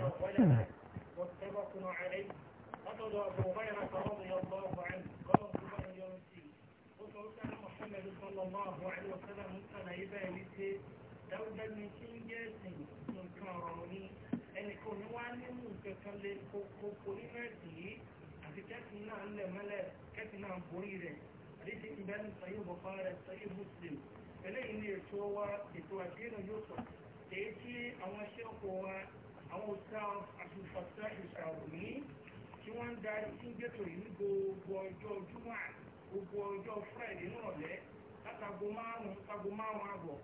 ولا متفق عليه أخذ أبو هريرة رضي الله عنه قال الله يوم الدين قلت أسأل محمد صلى الله عليه وسلم مثل عبادته دولة من شنجات من كاروني أن يكون هو علم متكلم كوكوليماتي àti kẹ́sìn náà ń lẹ̀ mẹ́lẹ̀ kẹ́sìn náà borí rẹ̀ àdíṣe ìbẹ́ni sàyí bukari sàyí muslim eléyìí ni ètò wa ètò àdínà yóò sọ èyí tí àwọn ṣẹ́kọ̀ọ́ wa àwọn òṣìṣẹ́ àṣùfàṣà ìṣàròmí tí wọ́n ń darí fún gẹ́tò yìí ní gbogbo ọjọ́ júmọ́ gbogbo ọjọ́ friday nírọ̀lẹ́ látago márùn-ún látago márùn-ún àbọ̀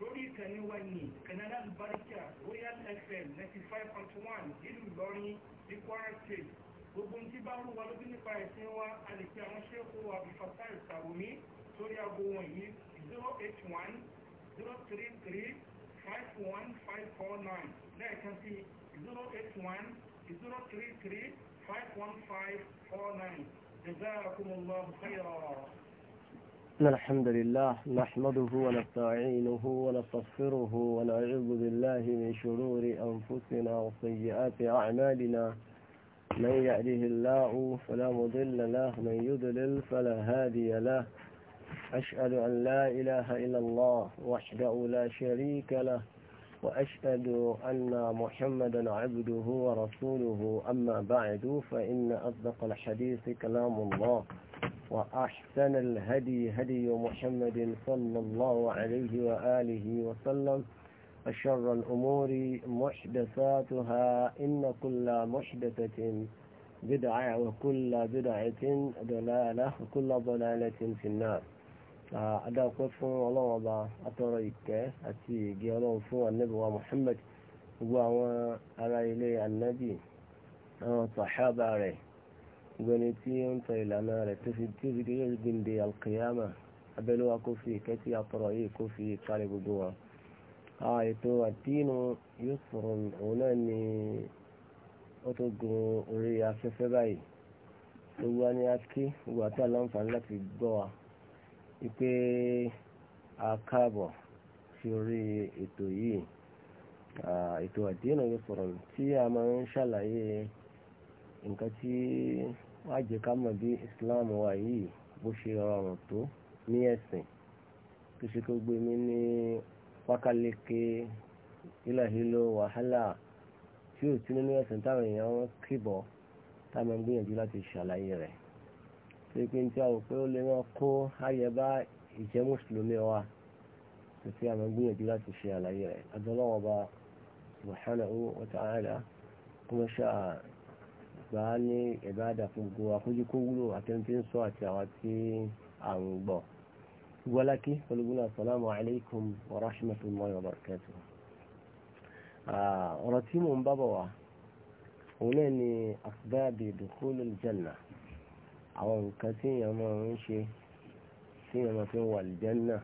lórí ìkànnì wa ní canada barika royal fm ninety five point one nílùú ìlọrin ní kwara state gbogbo ní bá rú wa lójú nípa ẹ̀sìn wa a lè fi àwọn ṣẹ́kù àbífàṣà ìṣàròmí sórí aago wọ̀nyí zero eight one zero three three five one five four nine. لا you في 081 033 51549 جزاكم الله خيرا الحمد لله نحمده ونستعينه ونستغفره ونعوذ بالله من شرور أنفسنا وسيئات أعمالنا من يهده الله فلا مضل له من يضلل فلا هادي له أشهد أن لا إله إلا الله وحده لا شريك له وأشهد أن محمدا عبده ورسوله أما بعد فإن أصدق الحديث كلام الله وأحسن الهدي هدي محمد صلى الله عليه وآله وسلم أشر الأمور محدثاتها إن كل محدثة بدعة وكل بدعة ضلالة وكل ضلالة في النار adáwọ̀pẹ́ fún ọlọ́run ọba atọ́rọ ìkẹ́ àti ìgé ọlọ́run fún ànábì wa Muhammad gbogbo àwọn ará ilé ànábì àwọn sàhábà rẹ̀ gbẹni tí ó ń tọ ìlànà rẹ̀ tó fi tí ó fi dé gbìndé alkiyama abẹ́lúwa kó fi ìkẹ́ tí yìí kó fi kárí gbogbo wa. ètò àdínú yóò sọ̀rọ̀ òun náà ni ó tó gun orí afẹ́fẹ́ báyìí gbogbo wa ni a kí gbogbo àti àlàǹfààní láti gbọ́ wa wípé a káàbọ̀ sí orí ètò yìí ètò àdínà yóò sọ̀rọ̀ tí a máa ń ṣàlàyé nǹkan tí wàá jẹ́ ká mọ̀ bí Islam wa yìí bó ṣe rọrùn tó ní ẹ̀sìn tó ṣe kó gbé mi ní pákáleke hílàhílò wàhálà tí ò sí nínú ẹ̀sìn táwọn èèyàn wọn kìbọ̀ táwọn gbìyànjú láti ṣàlàyé rẹ̀ pé ní tí a rò pé ó lè máa kó ayẹ bá ìjẹ́ mùsùlùmí wa tó tí a máa gbìyànjú láti ṣe àlàyé rẹ̀ adọ́lọ́wọ́ bá subhanahu wa ta'ala kó mọ́ ṣáà gbà á ní ìbáàdà fún gbogbo akójú wúlò àtẹnudí ń sọ àti àwa tí à ń gbọ́. ولك قلوبنا السلام عليكم ورحمة الله وبركاته أرتيم بابوا هنا أسباب دخول الجنة àwọn nǹkan tí èèyàn máa ń ṣe tí èèyàn máa fi ń wà lìjẹ́nà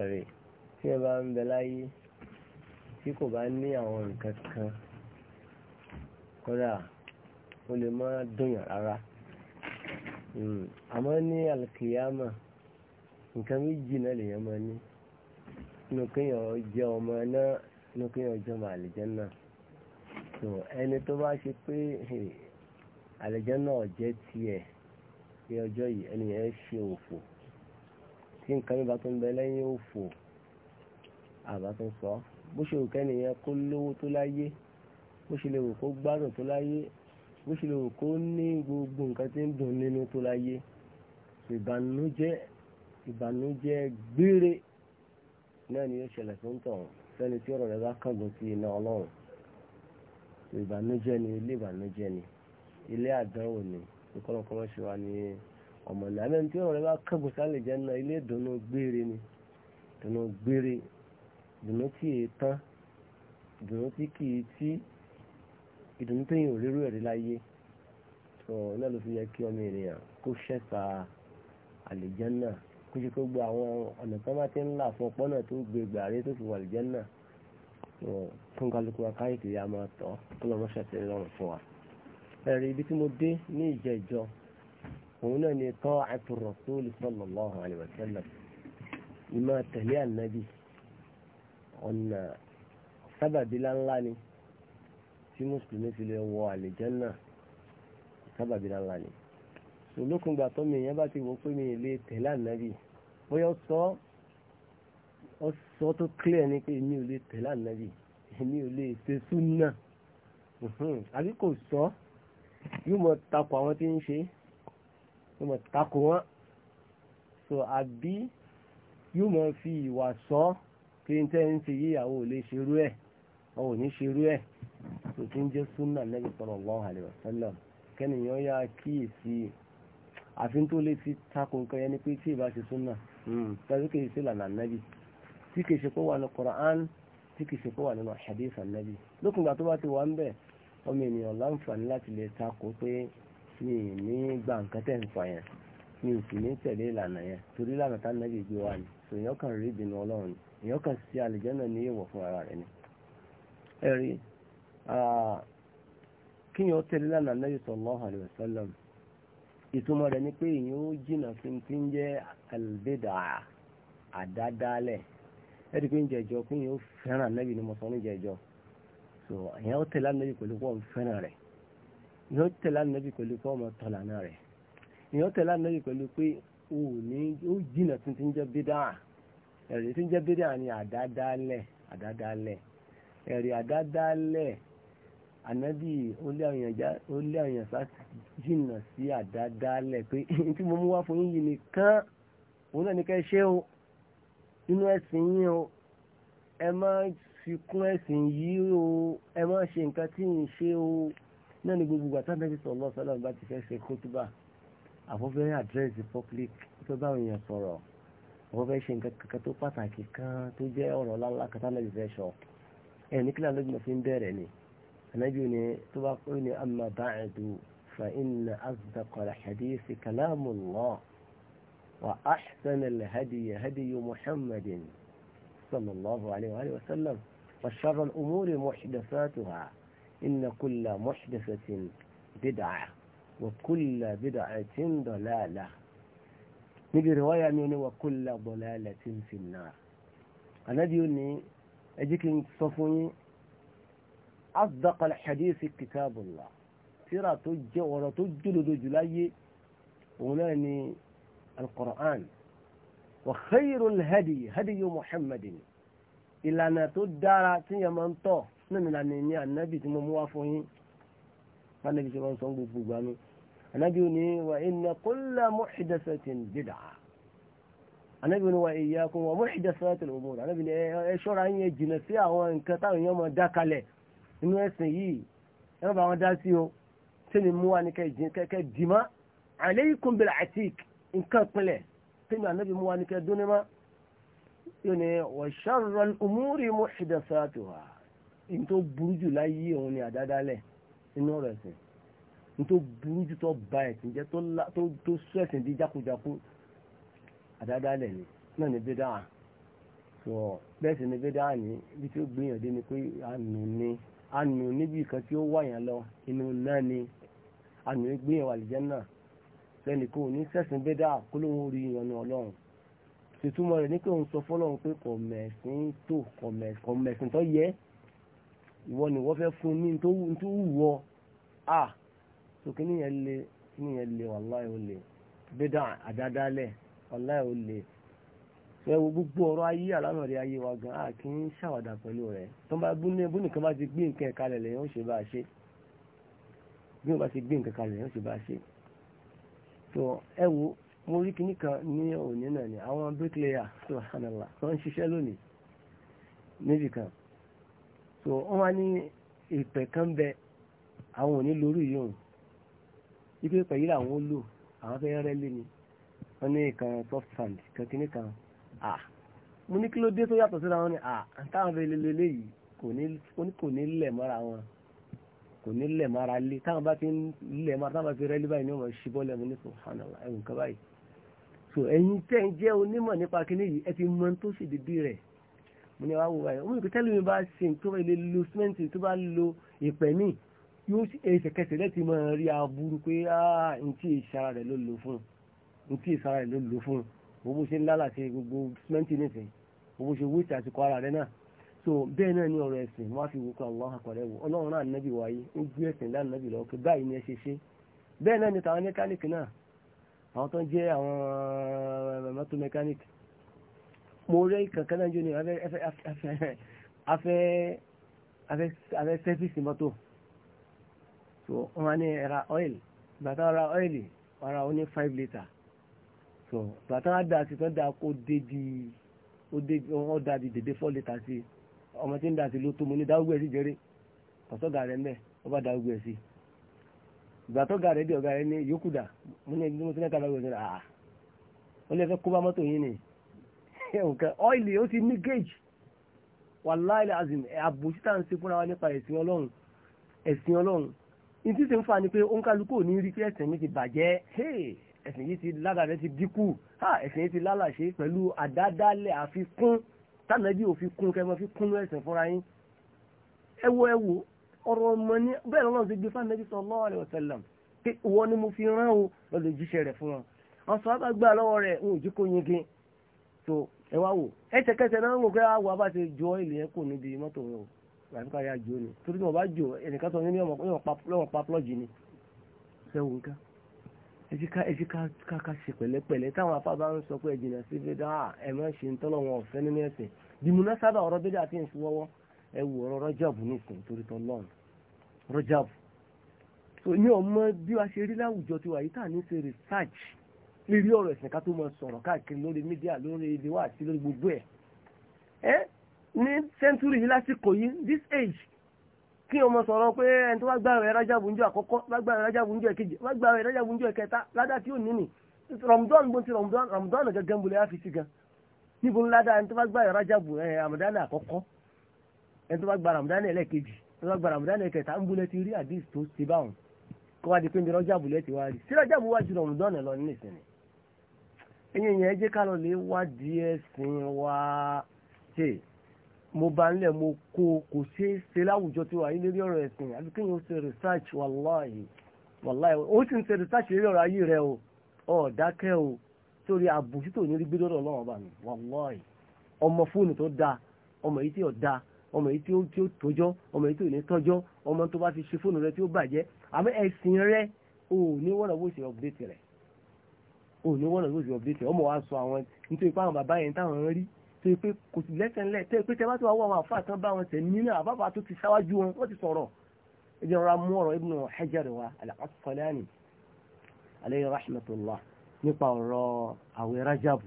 ẹ̀rẹ̀ tí èèyàn bá ń bẹ láyé tí kò bá ní àwọn nǹkan kan kódà ó lè má dùnyàn rárá hmm, àmọ́ ní alkiyama nǹkan méjì náà lèèyàn máa ní inú kéèyàn jẹ́ ọmọ náà inú kéèyàn jẹ́ ọmọ àlìjẹ́nà ẹni tó bá ṣe pé àlùjánnà jẹ́ tiẹ̀ pé ọjọ́ yìí ẹnìyẹn ṣe òfò tí nǹkan mi bá tó ń bẹ lẹ́yìn òfò àbá tó ń sọ bó ṣe rò kẹ́nìyẹn kó lówó tó láyé bó ṣe lè rò kó gbádùn tó láyé bó ṣe lè rò kó ní gbogbo nǹkan tí ń dùn nínú tó láyé ìbànújẹ́ ìbànújẹ́ gbére náà ni yóò ṣẹlẹ̀ tó ń tàn sẹ́ni tí ọ̀rọ̀ rẹ̀ bá kángun sí iná ọlọ́run ìbànújẹ́ ni ilé ìbànújẹ́ ni ilé àdánwò ni ìkọlọ̀kọlọ̀ ṣe wà ní ọmọ náà àmì tí ọ̀rọ̀ rẹ bá kẹ́gùn sálẹ̀ jẹ́ náà ilé ìdùnnú gbére ni ìdùnnú gbére ìdùnnú tí èé tán ìdùnnú tí kì í tí ìdùnnú tó yìn ò rírú ẹ̀rí láyé sọ náà ló fi yẹ kí ọmọ ènìyàn kó ṣẹ̀ta àlìjẹ́nà kó ṣe kó gba àwọn ọ̀nà tó bá ti ń là fún ọpọ́nà tó gbé gbàrí tó fi wà àlìjẹ́nà fún kálukú akáyìkiri àmọ́ tọ́ kó lọ́mọ́ṣẹ́ tẹ́lẹ̀ lọ́rùn fún wa ẹ̀rí ibi tí mo dé ní ìjẹ́jọ́ òun náà ni tọ́ àtúrọ̀ tó lè sallallahu alaihi wa sallam ìmọ̀ tẹ̀lé ànábì ọ̀nà sábàbí láńlá ni tí mùsùlùmí fi lè wọ àlìjẹ́nà sábàbí láńlá ni olókùngbà tó mi èèyàn bá ti wò pé mi lè tẹ̀lé ànábì bóyá ó sọ ó sọ tó clear ni pé mi ò lè tẹ̀lé ànábì èmi ò lè ṣe súnà àbí kò sọ ọ́ yóò mọ̀ takò àwọn tí ń ṣe yóò mọ̀ takò wọn so àbí yóò mọ̀ fi ìwà sọ pé n tẹ́ ń ṣe yíyàwó ò lè ṣerú ẹ̀ ọ̀ ò ní ṣerú ẹ̀ tó ti ń jẹ́ súnà Nabi sallallahu alaihi wasallam kẹ́nìyàn yá kíyèsí àfi tó lè fi takò nǹkan yẹn ni pé tí ìbá ṣe súnà hmm, tàbí kìí ṣe lànà Nabi tí kìí ṣe kó wà ní Qur'an tí kìí ṣe kó wà nínú hadith Nabi lókùngbà tó bá ti wà ń bẹ́ẹ̀ ọmọ ènìyàn láǹfààní láti lè takò pé mi ì ní gba nǹkan tẹ̀ ń fà yẹn mi ì sì ní tẹ̀lé ìlànà yẹn torí ìlànà tá nàbì gbé wa ni sò èèyàn kàn rí ìbínú ọlọ́run ni èèyàn kàn sí àlùjánnà ní èèwọ̀ fún ara rẹ̀ ni. ẹ rí kíyàn tẹ̀lé ìlànà nàbì sallallahu alaihi wasallam ìtumọ̀ rẹ̀ ni pé èèyàn ó jìnnà fi ti ń jẹ́ àlùbẹ́dà àdádálẹ̀ ẹ rí pé ń jẹjọ kíyàn ó fẹ́ràn nàbì ni mo sọ ní jẹjọ so ìyẹn ó tẹ̀lé ànábì pẹ̀lú kó fẹ́ràn rẹ̀ ìyẹn ó tẹ̀lé ànábì pẹ̀lú kó ọmọ tọ̀lànà rẹ̀ ìyẹn ó tẹ̀lé ànábì pẹ̀lú pé ó ní ó jìnà tí ń jẹ́ bídà ẹ̀rí tí ń jẹ́ bídà ni àdádálẹ̀ àdádálẹ̀ ẹ̀rí àdádálẹ̀ ànábì ó lé àwọn èèyàn sá jìnà sí àdádálẹ̀ pé tí mo mú wá fún yín nìkan òun náà ní ká ṣe o nínú ẹ̀sìn yín o ẹ máa fi kún ẹ̀sìn yìí o ẹ má ṣe nǹkan tí ń ṣe o náà ni gbogbo àti ànábì sallallahu alaihi wasallam bá ti fẹ́ ṣe kútúbà àfọ́fẹ́ àdírẹ́sì public tó bá òyìn sọ̀rọ̀ àfọ́fẹ́ ṣe nǹkan kankan tó pàtàkì kan tó jẹ́ ọ̀rọ̀ láńlá kan tánàbì fẹ́ sọ ẹ̀ ní kílà lójúmọ̀ fi ń bẹ̀rẹ̀ ni ànábì ò tó bá ó ní amma ba'du fa inna asdaqal hadisi kalamullah wa ahsanal hadiyi hadiyi muhammadin sallallahu alaihi wa sallam. وشر الأمور محدثاتها إن كل محدثة بدعة وكل بدعة ضلالة نجي رواية من وكل ضلالة في النار أنا ديوني أجيك صفوني أصدق الحديث كتاب الله سيرة تجورة تجل دجلي أولاني القرآن وخير الهدي هدي محمد ìlànà tó dára tí yẹn máa ń tọ̀ náà ìlànà ní ànábì tí mo mú wá fún yín ànábì tí wọ́n sọ gbogbo ìgbà mi ànábì ò ní wa inna kulla muhdathatin bid'ah ànábì ò ní wa iyyakum wa muhdathatil umur ànábì ní ẹ ṣọ́ra yín jìnnà sí àwọn nǹkan táwọn èèyàn máa dá kalẹ̀ inú ẹ̀sìn yìí ẹ má bá wọn dá sí o tẹ́mi mú wa ní kẹ́kẹ́ dìímá alaykum bil atik nǹkan pinlẹ̀ tẹ́mi ànábì mú wa ní kẹ́ dúnímá yóò ní wàṣàrọ̀ umúrí muhdathatuha in tó burú jù láyé òun ni àdádálẹ̀ inú ọ̀rọ̀ ẹ̀sìn in tó burú jù tó ba ẹ̀sìn jẹ́ tó sọ ẹ̀sìn di jákujáku àdádálẹ̀ ni náà ni bídá sọ bẹ́ẹ̀ sì ni bídá ni bí tí ó gbìyànjú ni pé àánú ni àánú níbi kan tí ó wáyàn lọ inú náà ni àánú gbìyànjú àlìjẹ́ náà sẹ́ni kò ní sẹ́sìn bídá kó lóun rí ìyọnu ọlọ́run ìtumọ̀ rẹ̀ ní pé òun sọ fọ́lọ́run pé kò mẹ̀sìn tó kò mẹ̀sìn tó yẹ ìwọ ni wọ́n fẹ́ fún ní tó wù ọ́ à so kí ni yẹn le kí ni yẹn le wàláì ó le bídà àdádálẹ̀ wàláì ó le ẹ wo gbogbo ọ̀rọ̀ ayé àlámọ̀rẹ́ ayé wa gan a kì í ṣàwàdà pẹ̀lú rẹ̀ tó bá bú nìkan bá ti gbé nǹkan ẹ̀ka lẹ̀ lẹ́yìn ó ṣe bá a ṣe gbé nǹkan kalẹ̀ lẹ́yìn ó ṣe bá a ṣe mo rí kíní kan ní òní náà ni àwọn bricklayer subhanallah tó ń ṣiṣẹ́ lónìí níbì kan so wọ́n wá ní ìpẹ̀ kan bẹ àwọn òní lórí yòówù ipe ìpẹ̀ yìí làwọn ó lò àwọn fẹ́ rẹ́ lé ni wọ́n ní ìkan soft sand kan kíní kan ah mo ní kí ló dé tó yàtọ̀ síra wọn ni ah táwọn fẹ́ lé lélẹ́ yìí kò ní lẹ̀ mọ́ra wọn kò ní lẹ̀ mọ́ra lé táwọn bá ti ń lẹ̀ mọ́ra táwọn bá ti rẹ́ lé báyìí ni wọ́n ṣubọ́ subhanallah ẹ̀wùn kan báyìí so ẹ̀yin tẹ́ ń jẹ́ onímọ̀ nípa kíní yìí ẹ ti mọ tó sì dìbí rẹ̀ mo ní wá wo báyìí ọmọ ìpè tẹ́lẹ̀ mi bá ṣe tó bá ilé lo símẹ́ǹtì tó bá lo ìpẹ́ mi yóò ẹsẹ̀kẹsẹ̀ lẹ́tì mọ̀ rí aburú pé ah, ntí ìsara rẹ̀ ló lò fún ntí ìsara rẹ̀ ló lò fún owó ṣe ńlá láti gbogbo símẹ́ǹtì nìsín owó ṣe wíṣì àsìkò ara rẹ̀ náà so bẹ́ẹ̀ náà ni ọ̀rọ̀ ẹ̀sìn wọ́n á fi wọ́pọ̀ àwọn àkọọ́lẹ̀ wò ọlọ́run náà nábì wáyé ó gbé ẹ̀sìn láàrín nábì lọ́wọ́ pé báyìí ni ẹ ṣe ṣe bẹ́ẹ̀ náà ni tàwọn mẹkáníìkì náà àwọn tó ń jẹ́ àwọn eh, mọ́tò mechanic mo rẹ́ kankan náà jò ní afẹ́ sẹ́fíìsì mọ́tò so wọ́n ní ra oil bàtà ra oil ara ó ní five litre so bàtà wá dà sí tó dà kó dé di ó dé wọ́n dà di dèdè four litre sí ọmọ tí ń dà sí ló tó mo ní dáwọ́gbẹ̀ẹ́ sí jẹ́rẹ́ ọ̀sọ́gà rẹ̀ mẹ́ ọ bá dáwọ́gbẹ̀ẹ́ sí ìgbà tó ga rẹ̀ di ọ̀gá rẹ̀ ní yòókù dà mo ní ẹgbẹ́ mọ́tò mẹ́ta lọ́wọ́ ìṣẹ̀lẹ̀ àá ó lè fẹ́ kó bá mọ́tò yín ni nǹkan ọ́ìlì ó ti ní gauge wàláìlì azim àbòsí tá à ń ṣe fúnra wa nípa ẹ̀sìn ọlọ́run ẹ̀sìn ọlọ́run ìtí sì ń fa ni pé òǹkálukú ò ní rí pé ẹ̀sìn mi ti bàjẹ́ ẹ̀sìn yìí ti lára rẹ̀ ti dínkù ẹ̀sìn yìí ti lálàṣe pẹ̀lú àdádálẹ̀ àfikún tánàbí òfin kún kẹ́ fi kún ẹ̀sìn fúnra yín ẹ wo ẹ wo ọ̀rọ̀ ọmọ ní bẹ́ẹ̀ lọ́nà ti gbé fún Ànábì sallallahu alaihi wasallam pé wọ́n ni mo fi rán o lọ́lọ́ jíṣẹ́ rẹ̀ fún wọn àwọn sọ bá gbà lọ́wọ́ rẹ̀ ń òjì kó yege tó ẹ wá wò ẹsẹ̀kẹsẹ̀ náà ń wò pé àwọ̀ abá ti jọ ilé yẹn kò níbi mọ́tò wọn o àti ká yà jò ni torí tí wọn bá jò ẹnìkan sọ ní ọmọ pa plọ́ọ̀jì ni sẹ́wọ̀n nǹkan ẹjíká ẹjíká káká ṣe pẹ̀lẹ́pẹ̀lẹ́ táwọn afá bá ń sọ pé ẹ̀jìnà sí fídà ẹ̀mọ́ ṣe ń tọ́lọ̀ wọn ọ̀fẹ́ nínú ẹ̀sìn dìmúná sábà ọ̀rọ̀ bídà àti ìṣúwọ́wọ́ ẹ wò ọ̀rọ̀ rọ́jàbù nìkan torí tọ́ lọ́run rọ́jàbù so ní ọmọ bí wàá ṣe rí láwùjọ tiwa yìí tá à ní ṣe research lórí ọ̀rọ̀ ẹ̀sìn ká tó mọ sọ̀rọ̀ káàkiri lórí mídíà lórí ilé wa àti lórí gbogbo ẹ̀ ẹ́ ní sẹ́ńtúrì yìí lásìkò yìí this age kí ọmọ sọ̀rọ̀ pé ẹni tó wá gbà rẹ̀ rájàbù ń jọ àkọ́kọ́ wá gbà rẹ̀ rájàbù ń jọ ẹ̀kejì wá gbà rẹ̀ rájàbù ń jọ ẹ̀kẹta ládàá tí ò ní nì rọ̀mùdọ́nù bó ti rọ̀mùdọ́nù gẹ́gẹ́ ń bolẹ̀ á fi sí gan níbo ńlá dáa ẹni tó wá gbà rẹ̀ rájàbù ẹ̀ àmọ̀dánù àkọ́kọ́ ẹni tó bá gba ramadan ẹlẹ́ẹ̀kejì tó bá gba ramadan ẹlẹ́ẹ̀kẹta ń bulẹ̀ ti rí àdìs tó ṣe báwọn kó wá di pé njẹ́rọ́ jáàbù lẹ́ẹ̀ ti wá rí sí rájàbù wájú ramadan lọ ní ìsìn ẹ̀yìn yẹn jẹ́ ká lọ lè wá díẹ̀ sìn wá ṣe mo bá ń lẹ̀ mo kó kò ṣe ṣe láwùjọ tí wà nílé ọ̀rọ̀ ẹ̀sìn àbí kí yóò ṣe research wàláhì wàláhì ó sì ń ṣe research lórí ọ̀rọ̀ ayé rẹ o ọ̀ dákẹ́ o sórí àbùsí tò ní rí gbé lọ́dọ̀ ọlọ́run ọba mi wàláhì ọmọ fóònù tó dáa ọmọ èyí tí ò dáa ọmọ yìí tí ó tọjọ́ ọmọ yìí tí ò ní tọjọ́ ọmọ tó bá ti ṣe fóònù rẹ tí ó bàjẹ́ àmọ́ ẹ̀sìn rẹ ò ní wọ́nà bó ṣe update rẹ̀ ò ní wọ́nà bó ṣe update rẹ̀ ọmọ wa sọ àwọn nítorí pé àwọn bàbá yẹn táwọn rí tó yẹ pé kò sì lẹ́sẹ̀ńlẹ̀ tó yẹ pé tẹ bá tó wà wọ́n àwọn àfáà bá wọn tẹ̀ nínú àbábà tó ti ṣáwájú wọn wọ́n ti sọ̀rọ̀ ibi ọ̀rọ̀ amú ọ̀rọ̀ Ibn Hajar wa al-Asqalani alayhi rahmatullah nípa ọ̀rọ̀ àwẹ̀ Rajabu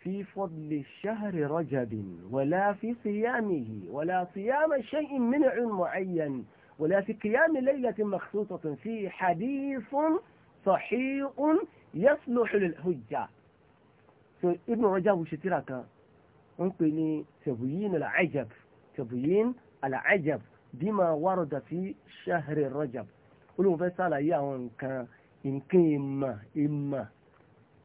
في فضل شهر رجب ولا في صيامه ولا صيام شيء منع معين ولا في قيام ليلة مخصوصة فيه حديث صحيح يصلح للحجة ابن رجب شترك انقني تبيين العجب تبيين العجب بما ورد في شهر رجب olóòfẹ́ sàlàyé اياهم كان إن ìmọ̀ إما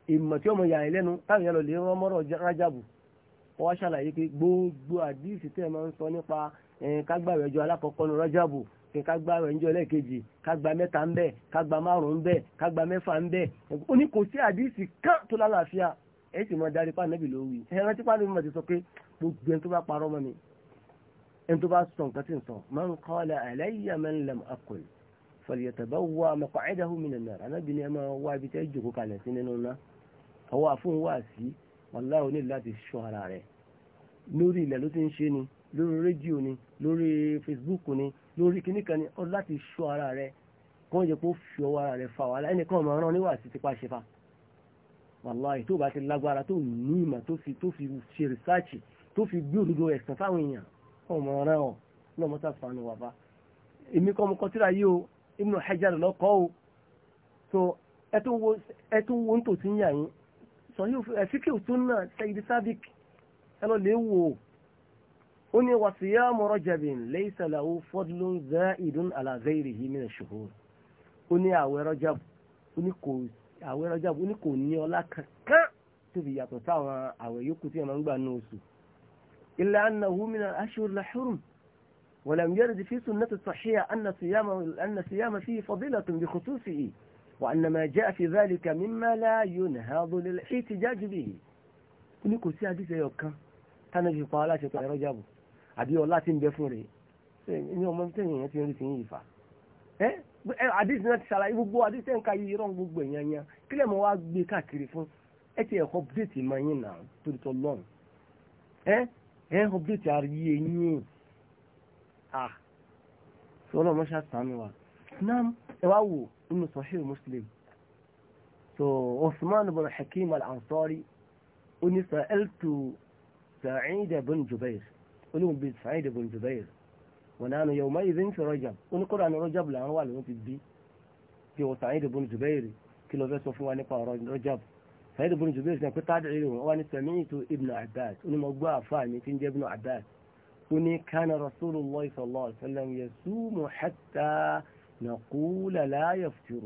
ìmọ̀ tí ọmọ yàrá lẹ́nu táwọn yẹn lọ lè rán mọ́rọ̀ rájàbù wọ́n wá ṣàlàyé pé gbogbo àdìsí tẹ́ ẹ máa ń sọ nípa kágbàwẹ̀ ọjọ́ alákọ̀ọ́kọ́ ní rájàbù kágbàwẹ̀ ọjọ́ ẹlẹ́ẹ̀kejì kágbà mẹ́ta ń bẹ kágbà márùn-ún ń kágbà mẹ́fà ń bẹ ó ní kò sí àdìsí kan tó lálàáfíà ẹ sì mọ darí pa nẹ́bì lórí ẹ rántí pa nẹ́bì ti sọ pé gbogbo ẹni tó bá parọ́ mọ́ mi ẹni tó bá sọ nǹkan tí ń sọ man qala alayya man lam aqul falyatabawwa maq'adahu minan nar àwọn àfún wà sí wàlá o ní láti ṣọ́ ara rẹ̀ lórí ilẹ̀ ló ti ń ṣe ni lórí rédíò ni lórí Facebook ni lórí kìnnìkan ni ọ láti ṣọ́ ara rẹ̀ kí wọ́n jẹ́ kó fi ọwọ́ ara rẹ̀ fa wàhálà ẹnìkan ọmọ ọ̀rán níwà sí tipa ṣe fa wàláì tó bá ti lágbára tó ní ìmọ̀ tó fi tó fi ṣe rìsáàcì tó fi gbé òdodo ẹ̀sán fáwọn èèyàn ọmọ ọ̀rán ọ̀ náà mọ́tà fanu wà bá èmi kọ́ ọmọ kọtíra yìí o Ibn Hajar lọ́kọ́ o so ẹ tún wo ẹ tún wo nítòsí ń yà yín صحيح فيك وسنة سيد سابق أنا ليو وصيام رجب ليس له فضل زائد على غيره من الشهور أني أوي رجب أني كوز أوي رجب أني ولا كا تبي يتطاوى أوي يكتي من بانوسو إلا أنه من الأشهر الحرم ولم يرد في سنة الصحية أن صيام أن صيام فيه فضيلة بخصوصه وأن ما جاء في ذلك مما لا ينهض للاحتجاج به ní kò sí àdíṣe ọ̀kan tánàbí pa aláṣẹ tó ẹ̀rọ jábọ̀ àbí ọlá tí ń bẹ fún rẹ̀ ní ọmọ tẹ̀yìn yẹn ti ń rí sí yìí fà ẹ́ àdíṣe náà ti ṣàlàyé gbogbo àdíṣe ń ka yìí rán gbogbo èèyàn yẹn kí lẹ́mọ̀ wá gbé káàkiri fún ẹ ti ẹ̀kọ́ update máa yín náà torí tó lọ́n ẹ́ ẹ́ update àríyé yín à ah, sọ́nà ọmọ ṣàtàn wa náà nínú Sahih Muslim so Usman bin Hakim al-Ansari oníṣà ẹ̀ltù Sa'id bin Jubair oníwọ̀n bíi Sa'id bin Jubair wọn náà nù yawma idhin fi Rajab oníkọ́ra ní Rajab làwọn wà lóun ti bí bí wọ́n Sa'id bin Jubair kí ló fẹ́ sọ fún wa nípa ọ̀rọ̀ Rajab Sa'id bin Jubair sọ pé táàdì rẹ̀ wọ́n wá ní sami'tu Ibn Abbas onímọ̀ gbọ́ àfáà mi ti ń jẹ́ Ibn Abbas oní kana Rasulullah sallallahu alaihi wasallam yasumu hatta نقول لا يفطر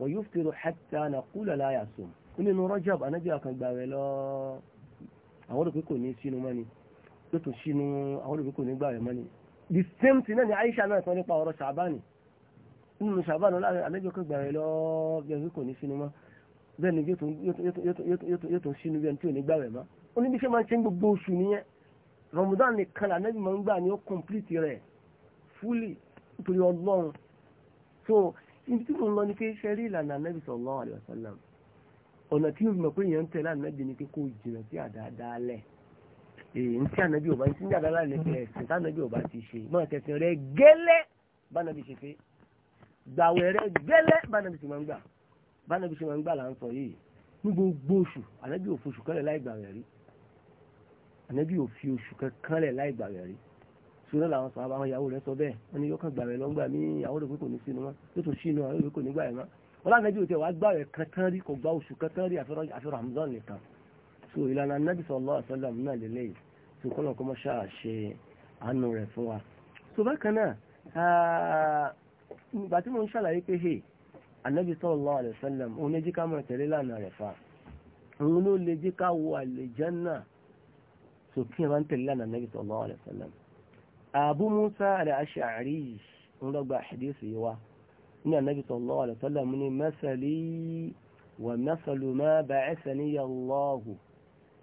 ويفطر حتى نقول لا يصوم nínú Rajab anábì àkàngbàwẹ̀ lọ àwọn olùkọ́ kò ní sínú mọ́ni tó tún sínú àwọn olùkọ́ kò ní gbàwẹ̀ mọ́ni the same thing náà ni Aisha náà sọ nípa ọ̀rọ̀ Ṣàbánì nínú Ṣàbánì anábì àkàngbàwẹ̀ lọ bí ẹni kò ní sínú mọ́ bẹ́ẹ̀ ni yóò tún sínú bí ẹni tí ò ní gbàwẹ̀ mọ́ ó ní bí ṣe máa ń ṣe gbogbo oṣù nìyẹn Ramadan nìkan anábì máa ń gbà ní ó complete rẹ̀ fully nítorí Ọlọ́run so ibi tí mo ń lọ ni pé ṣe rí ìlànà anábì sallallahu alaihi wasallam ọ̀nà tí mo mọ̀ pé èèyàn ń tẹ̀lé anábì ni pé kó jìnà sí àdáadáalẹ̀ èyí tí anábì ò bá ti ń jà dáadáa lẹ̀ tẹ̀ ẹ̀sìn tánábì ò bá ti ṣe máa tẹ̀sìn rẹ gẹ́lẹ́ bánabi ṣe pé gbàwẹ̀ rẹ gẹ́lẹ́ bánabi ṣe máa ń gbà bánabi ṣe máa ń gbà là ń sọ yìí ní gbogbo oṣù anábì ò fi oṣù kan láì gbàwẹ̀ rí náà làwọn sọ àwọn ìyàwó rẹ̀ sọ bẹ́ẹ̀ wọn ni yóò kàn gbà rẹ̀ lọ́gbà mí ìyàwó rẹ̀ pé kò ní sínú wọn yóò tún sínú àwọn ìwé kò ní gbà rẹ̀ mọ́ wọn láti nàbí òtẹ́ wàá gbà rẹ̀ kankan rí kò gba oṣù kankan rí àfi Ramadan nìkan so ìlànà anábì sallallahu alaihi wasallam náà lélẹ̀ yìí so kọ́nà kọ́ mọ́ ṣáà ṣe àánú rẹ̀ fún wa so bákan náà ah, ìgbà tí mo ń ṣàlàyé pé hey anábì sallallahu alaihi bá ń tẹ̀lé lánàá anábì sallallahu alaihi wasallam أبو موسى الأشعري ونلقى حديث يوا إن النبي صلى الله عليه وسلم من مثلي ومثل ما بعثني الله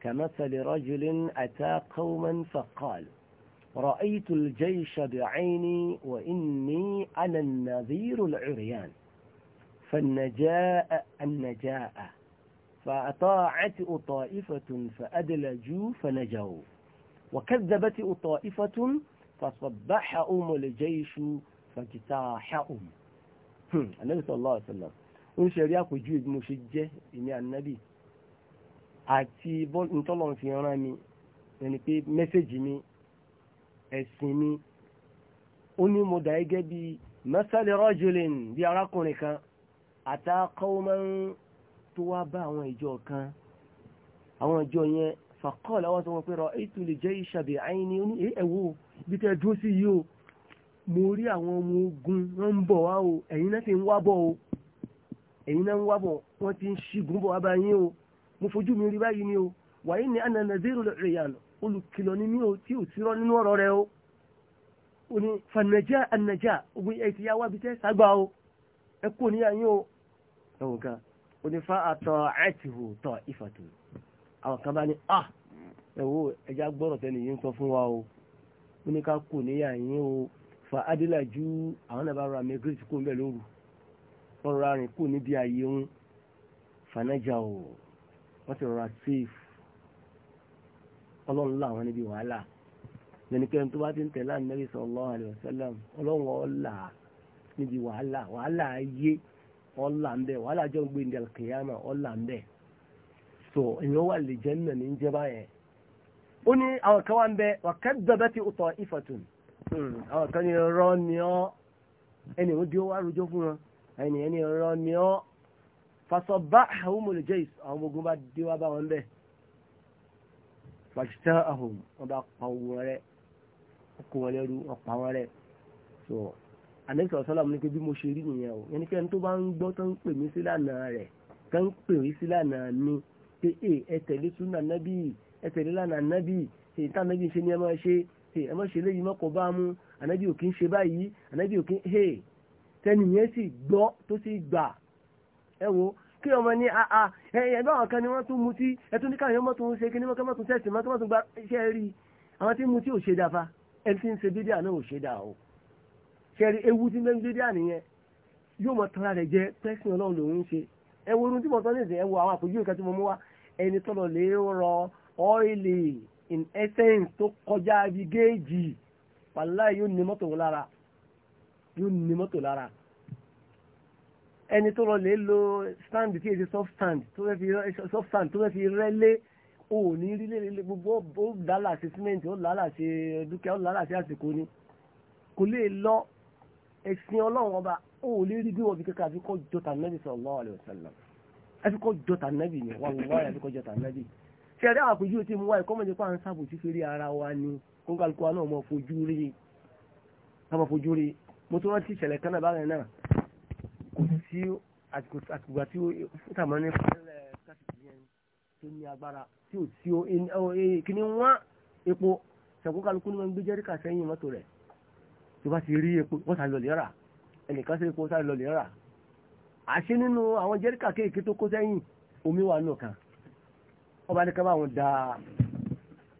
كمثل رجل أتى قوما فقال رأيت الجيش بعيني وإني أنا النذير العريان فالنجاء النجاء فأطاعت طائفة فأدلجوا فنجوا وكذبت طائفة فصبحهم الجيش فاجتاحهم النبي صلى الله عليه وسلم ń ṣe rí àpèjúwe bí mo ṣe jẹ́ èmi ànábì àti ntọ́lọ́run fi rán mi ẹni pé mẹ́sẹ̀jì mi ẹ̀sìn mi ó ní mo dà gẹ́gẹ́ bí masali rajulin bí arákùnrin kan ata tó wá bá àwọn ìjọ kan àwọn ìjọ yẹn faqala wọ́n sọ wọn pé ra'aytu al-jaysha bi'ayni ẹ̀wọ́ bí tẹ́ dúró sí yìí o mo rí àwọn ọmọ ogun wọ́n ń bọ̀ wá o ẹ̀yin náà ti ń wá bọ̀ o ẹ̀yin náà ń wá bọ̀ wọ́n ti ń ṣígun bọ̀ wá bá yín o mo fojú mi rí báyìí ni o wàyí ni àna nàzírò rèyàn olùkìlọ̀ ni mí o tí ò sírọ́ nínú ọ̀rọ̀ rẹ o ò ní fànàjà ànàjà ògùn ẹ̀ ti yá wá bí sàgbà o ẹ kú níyà yín o ẹ̀wọ̀n kan ò ní fa àtọ̀ àìtìhù tọ̀ ìfàtò àwọn kan bá ní ah ẹ̀wọ̀ ẹja gbọ́rọ̀ tẹ́lẹ̀ yìí ń wa o ó ní ká kù níyà yín o fa adélàjú àwọn náà bá ra migrate kó ń bẹ̀ lóru wọ́n rọra rìn kù níbi ààyè ń fanájà o wọ́n sì rọra safe ọlọ́run láwọn níbi wàhálà lẹ́nikẹ́ni tó bá ti ń tẹ̀lé ànábì sallallahu alaihi wasallam ọlọ́run ọ̀la níbi wàhálà wàhálà ayé ọ̀la ń bẹ̀ wàhálà jọ ń gbé ní alkiyama ọ̀la ń bẹ̀ so èèyàn wà lè jẹ́ nà ní jẹ́ báyẹn ó ní àwọn kan wá ń bẹ wàkẹ́dọ̀bẹ́ ti tọ̀ ìfọ̀tún àwọn kan ní ọ̀rọ̀ ni ọ́ ẹni ò di ó wá rojọ́ fún wọn ẹni ẹni ọ̀rọ̀ ni ọ́ fasọ̀bá àwọn olùjẹ́ àwọn ọmọ ogun bá dé wá bá wọn bẹ́ẹ̀ pàṣítà àhùn wọn bá pa owó rẹ kó wọn lẹ́rú wọn wọn rẹ so anẹ́sọ̀ sọ́làmù ní pé bí mo ṣe rí nìyẹn o yẹn ni kẹ́ni tó bá ń gbọ́ tó ń pè mí sílànà rẹ̀ tó ń pè mí sílànà mi pé ẹ tẹ̀lé súnà nábì ẹ tẹ̀lé lánàá nábì èyí tá nábì ṣe ni ẹ máa ṣe ẹ máa ṣe léyìí mọ́kọ̀ bá mu ànábì ò kí ń ṣe báyìí ànábì ò kí ń hey tẹ́ni yẹn sì gbọ́ tó sì gbà ẹ wo kí ọmọ ní àà ah, ah, ẹ̀yẹ bá wọn kan ni wọ́n tún mutí ẹtún ní káyọ̀ mọ́tò ń ṣe kí ni wọ́n kẹ́ mọ́tò tẹ̀sí mọ́tò mọ́tò gba iṣẹ́ rí àwọn tí mutí ò ṣe dáfa ẹni tí ń ṣe bídíà náà ò ṣe dà o ṣe rí ewu tí ń bẹ́ẹ̀ bídíà nìyẹn yóò mọ tara rẹ̀ jẹ́ pẹ́sìn ọlọ́run lòún ṣe ẹ wo orun tí mo tọ́ ní ẹ wo àwọn àpòjú ìkẹ́tí mo mú wa ẹni tọ́lọ̀ lè rọ ọ́ìlì in essence tó kọjá bí géèjì wàlá yóò ní mọ́tò lára yóò ní mọ́tò lára ẹni tó rọ lo stand tí èsì soft stand tó fẹ́ fi rẹ́lé o ní rílé gbogbo ó dálà sí cement ó lálà sí dúkìá ó lálà sí àsìkò ni kò lè lọ ẹ̀sìn ọlọ́run ọba ó lè rí bí wọ́n fi kẹ́kẹ́ àfikọ́ jọta nẹ́bì sallallahu alaihi wasallam àfikọ́ jọta nẹ́bì ni wọ́n wọ́n àfikọ́ jọta nẹ́bì tẹ̀rí àpèjú tí mo wá ìkọ́mọ̀jẹ́ pa ń sábò tí fèrè ara wa ni kóńkàlùkù wa náà mọ̀ fojú rí mọ̀ fojú rí mo tún rántí ìṣẹ̀lẹ̀ kan náà báyìí náà kò sí àtìgbà tí ìtàmọ́ ní fúnlẹ̀ káṣíkì tó ní agbára tí ò sí e, kíní wá epo ṣàkókàlùkù ni wọ́n ń gbé jẹ́ríkà sẹ́yìn mọ́tò rẹ̀ tó bá ti rí epo wọ́n sá lọ lè rà ẹnìkan sí epo sá lọ lè rà àṣẹ nínú àwọn jẹ́ríkà kéèké tó kó sẹ́yìn omi wà nù kan wọ́n bá ní ká bá wọn da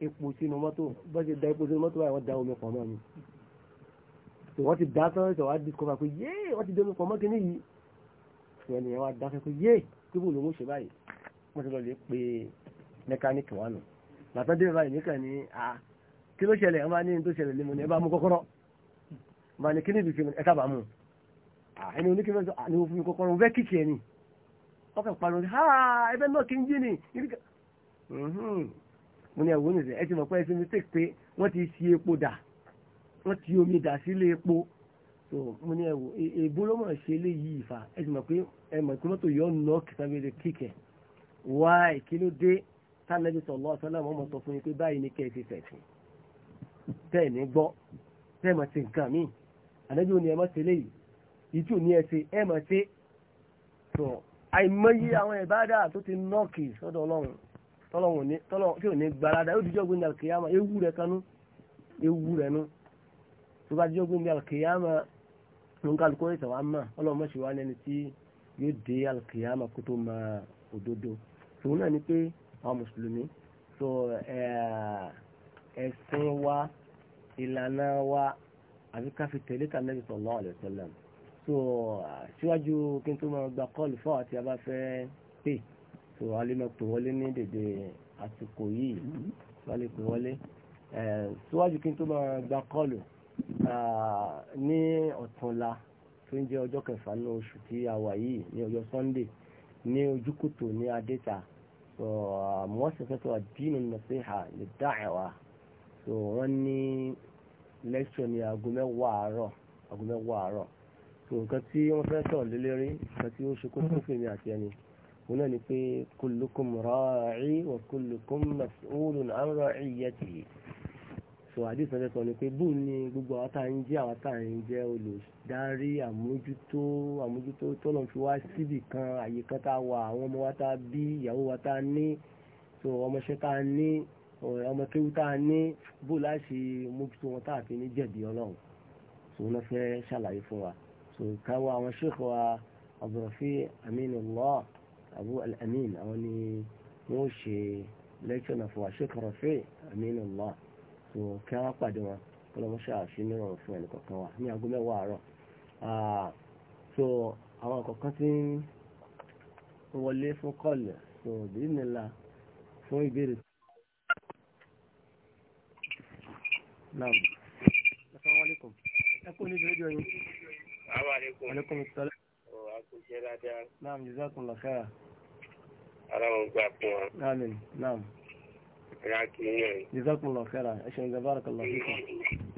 epo sínú mọ́tò bọ́ ṣe da epo sínú mọ́tò báyìí wọ́n da omi pọ̀ mọ́ mi tí wọ́n ti dá sọ́rọ́ ìṣọ̀ wá discover pé yé wọ́n ti domi pọ̀ mọ́ kíní yìí tí wọ́n nìyẹn wá dá sọ́rọ́ pé yé kí bò lòun ṣe báyìí wọ́n ti lọ lè pe mẹkáníìkì wa nù làtọ́ dé báyìí nìkan ní a kí ló ṣẹlẹ̀ ọmọ ní tó ṣẹlẹ̀ lé mu ní ẹ bá mú kọ́kọ́rọ́ ọmọ ní kíní ìdùkú ẹ kábàá mú ẹni oníkíní ọ̀sán ni mo fún mi kọ́kọ́rọ́ mo fẹ́ kíkì ẹ̀ ni ọkọ̀ ìpanu ha ẹbẹ̀ náà kí n jí ni Mhm. mo ní ẹ̀wọ́ nìyẹn ẹ ti mọ̀ pé ẹ ti mi tèk pé wọ́n ti ṣi epo dà wọ́n ti omi dà sílé epo so mo ní ẹ̀wọ́ e, èbó mọ̀ ṣe léyìí ìfà ẹ ti mọ̀ pé ẹ mọ̀ pé mọ́tò yọ nọ kìtàbílẹ̀ kíkẹ̀ wá ìkílódé tánàbí sọ̀lọ́ ọ̀sánàmọ́ ọmọ sọ fún yín pé báyìí ní kẹ́ ẹ ti fẹ̀sìn tẹ́ ẹ̀ ní gbọ́ tẹ́ ẹ̀ mọ̀ sí nǹkan míì ànábì òní ẹ mọ̀ sí léyìí ìtú òní ẹ ẹ tọ́lọ̀ tí ò ní gbalada yóò dijọ́ gbé ní alkiyama ewu rẹ̀ kanú ewu rẹ̀ nu tó bá dijọ́ gbé ní alkiyama nǹkan ẹ̀sẹ̀ wa mọ̀ ọlọ́run mọ̀ sí wa lẹ́ni tí yóò dé alkiyama kó tó mọ òdodo tòun náà ni pé àwọn mùsùlùmí sọ ẹ̀sìn wa ìlànà wa àbí káfí tẹ̀lé tà Nabi sallallahu alaihi wasallam so síwájú kí n tó máa gba kọ́ọ̀lù fáwọn àti abáfẹ́ pè tó wà lè lọ pè wọlé ní dèdè àsìkò yìí wà lè pè wọlé síwájú kí n tó máa gba kọlù ní ọ̀túnla tó ń jẹ́ ọjọ́ kẹfà ní oṣù tí a wà yìí ní ọjọ́ sunday ní ojúkòtò ní adéta so muwassasatu ad-din an-nasiha lid-da'wa so wọ́n ní lẹ́kṣọ̀ ní aago mẹ́wàá àárọ̀ so nǹkan tí wọ́n fẹ́ sọ̀rọ̀ lélẹ́rí nǹkan tí ó ṣe kókó fún mi àti ẹni هنا náà كلكم راعي وكلكم مسؤول wa kullukum mas'ulun an ra'iyatihi so àdìsàn tẹ́tọ̀ ni pé bóun ni gbogbo àwọn tá à ń jẹ́ àwọn tá à ń jẹ́ olùdarí àmójútó àmójútó tọ́lọ̀ fi wá síbì kan àyè kan tá a wà àwọn ọmọ wa tá a bí ìyàwó wa tá a ní so ọmọọṣẹ́ tá a ní ọmọ kéwú tá a ní bó láṣẹ mójútó wọn tá a fi ní jẹ̀bi ọlọ́run so wọn fẹ́ ṣàlàyé fún wa so káwọ àwọn ṣèkọ wa Abdurafi Aminullah. Abu Al-Amin àwọn ni wọ́n ṣe lẹ́kṣọ̀ náà fún wa Sheikh Rafi Aminullah tó kí wọ́n pàdé wọn kí wọ́n ṣe àṣírí ọ̀rọ̀ fún ẹnì kọ̀ọ̀kan wa ní aago mẹ́wàá àárọ̀ so àwọn kọ̀ọ̀kan ti ń wọlé fún kọ́ọ̀lù so bí nìlá fún ìbéèrè Naam. Assalamu alaikum. Ẹ ní rédíò yín. Assalamu alaikum. Alaikum assalam. Ọ̀ àkùnṣe dáadáa. Naam, jazakumullahu khairan ọlọ́run gbà fún wa. Amin. Naam. Ìyá kì í yẹn. Jazakumullahu khairan. Ẹ ṣeun barakallahu fikum.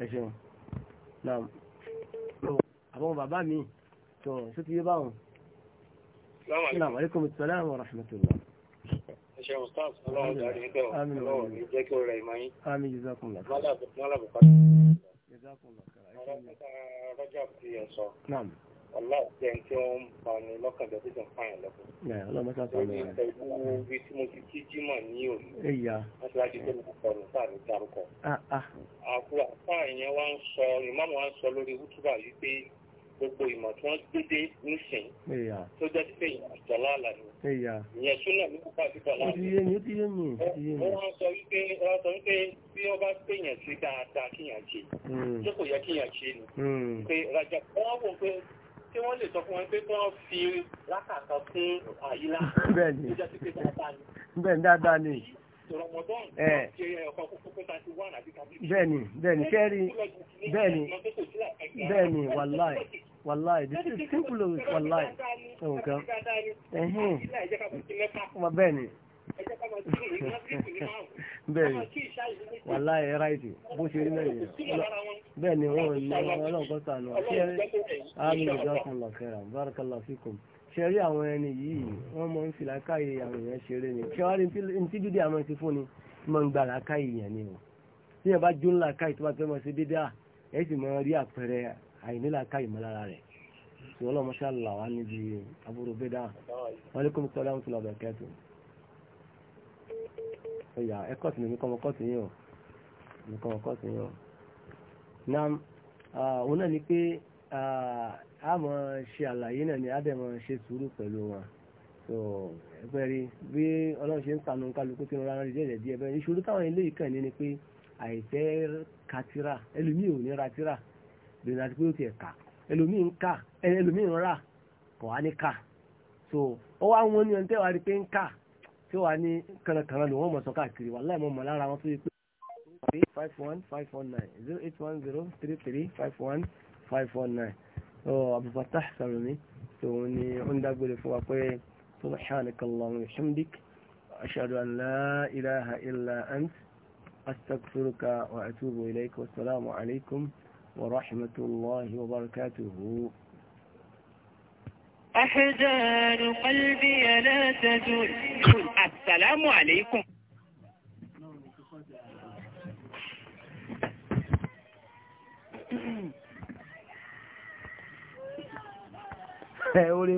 Ẹ ṣeun. Naam. Àwọn bàbá mi tó ṣé ti yé báwọn. Assalamu alaikum assalam wa rahmatullah. Ẹ ṣeun Ustaz. Ọlọ́run darí ń bẹ̀rù. Amin. Ọlọ́run ní jẹ́ kí ó rẹ̀ ìmọ̀ yín. Amin. Jazakumullahu khairan. Mọ́lá ọlọ́run jẹ́ ẹni tí wọ́n ń ba ni lọ́kàn jẹ́ tó ti ń pààyàn lọ́kàn. ọlọ́run mọ́tà sọ mi. ẹ̀yìn ìlú ibi tí mo ti kí jímọ̀ ní òní. ẹ̀yà. wọ́n ti wájú pé mo kọ̀ ní sáà ló dárúkọ. àbúrò àfáà yẹn wá ń sọ ìmáàmù wá ń sọ lórí wútúbà yìí pé gbogbo ìmọ̀ tí wọ́n gbé dé nísìn tó jẹ́ pé ìjọba àlàyé ìyẹn súnà ní kúkà síta láàyè. ó ti yé mi ó ti yé mi ó ti yé mi. wọ́n sọ wípé wọ́n sọ wípé bí wọ́n bá pèèyàn sí dáadáa kíyàn ṣe hmm. ṣé kò yẹ kíyàn ṣe ni. Hmm. pé rajà wọ́n wò pé tí wọ́n lè sọ fún wọn pé kí wọ́n fi lákàtà fún àyílá. bẹ́ẹ̀ni bẹ́ẹ̀ni dáadáa ni. Eh, bẹ́ẹ̀ni bẹ́ẹ̀ni kẹrí bẹ́ẹ̀ni bẹ́ẹ̀ni wàláì wàláì this is simple wàláì nǹkan ẹhìn bẹ́ẹ̀ni bẹ́ẹ̀ni wàláì ráìtì bó ṣe rí náà bẹ́ẹ̀ ni wọ́n ní ọlọ́ọ̀kọ́ sànù àṣẹ ṣẹ́rí àwọn ẹni yìí wọ́n mọ́ ń fi làákàyè àwọn èèyàn ṣeré ni ṣẹ́wárí tí dídí àmọ́ ti fún ni mọ́ ń gba làákàyè èèyàn ni o tí ẹ bá jó ńlá káyì tó bá fẹ́ mọ́ sí dídá ẹ sì mọ́ rí àpẹẹrẹ àìní làákàyè mọ́ lára rẹ̀ tí ọlọ́mọ ṣàlà wá níbi àbúrò bẹ́dà wàlékùm sọ́dá ń tulọ̀ bẹ̀kẹ́ tó ẹ̀yà ẹ̀kọ́ sì ni mi kọ́ mọ́ kọ́ sí yín o mi kọ́ mọ́ kọ́ sí yín o náà òun náà ni pé a mọ̀ ṣe àlàyé náà ni a ṣe sùúrù pẹ̀lú wọn so ẹgbẹ́ rí bí ọlọ́run ṣe ń tanu kálukú tí wọ́n rárá rí díẹ̀ díẹ̀ bẹ́ẹ̀ ìṣòro katira ẹlòmíì ò ní ra tira lónìí àti pé ó ti ẹ̀ kà ẹlòmíì ń kà ní kà so ó wá wọn ní ọ̀n tẹ́wàá rí pé ń kà tí wàá ní kànàkànà lòun mọ̀ sọ káàkiri wà láì mọ̀ lára wọn tó yẹ pé. فتح سلمي توني عند أقول سبحانك اللهم وبحمدك أشهد أن لا إله إلا أنت أستغفرك وأتوب إليك والسلام عليكم ورحمة الله وبركاته أحزان قلبي لا تزول السلام عليكم ẹ orí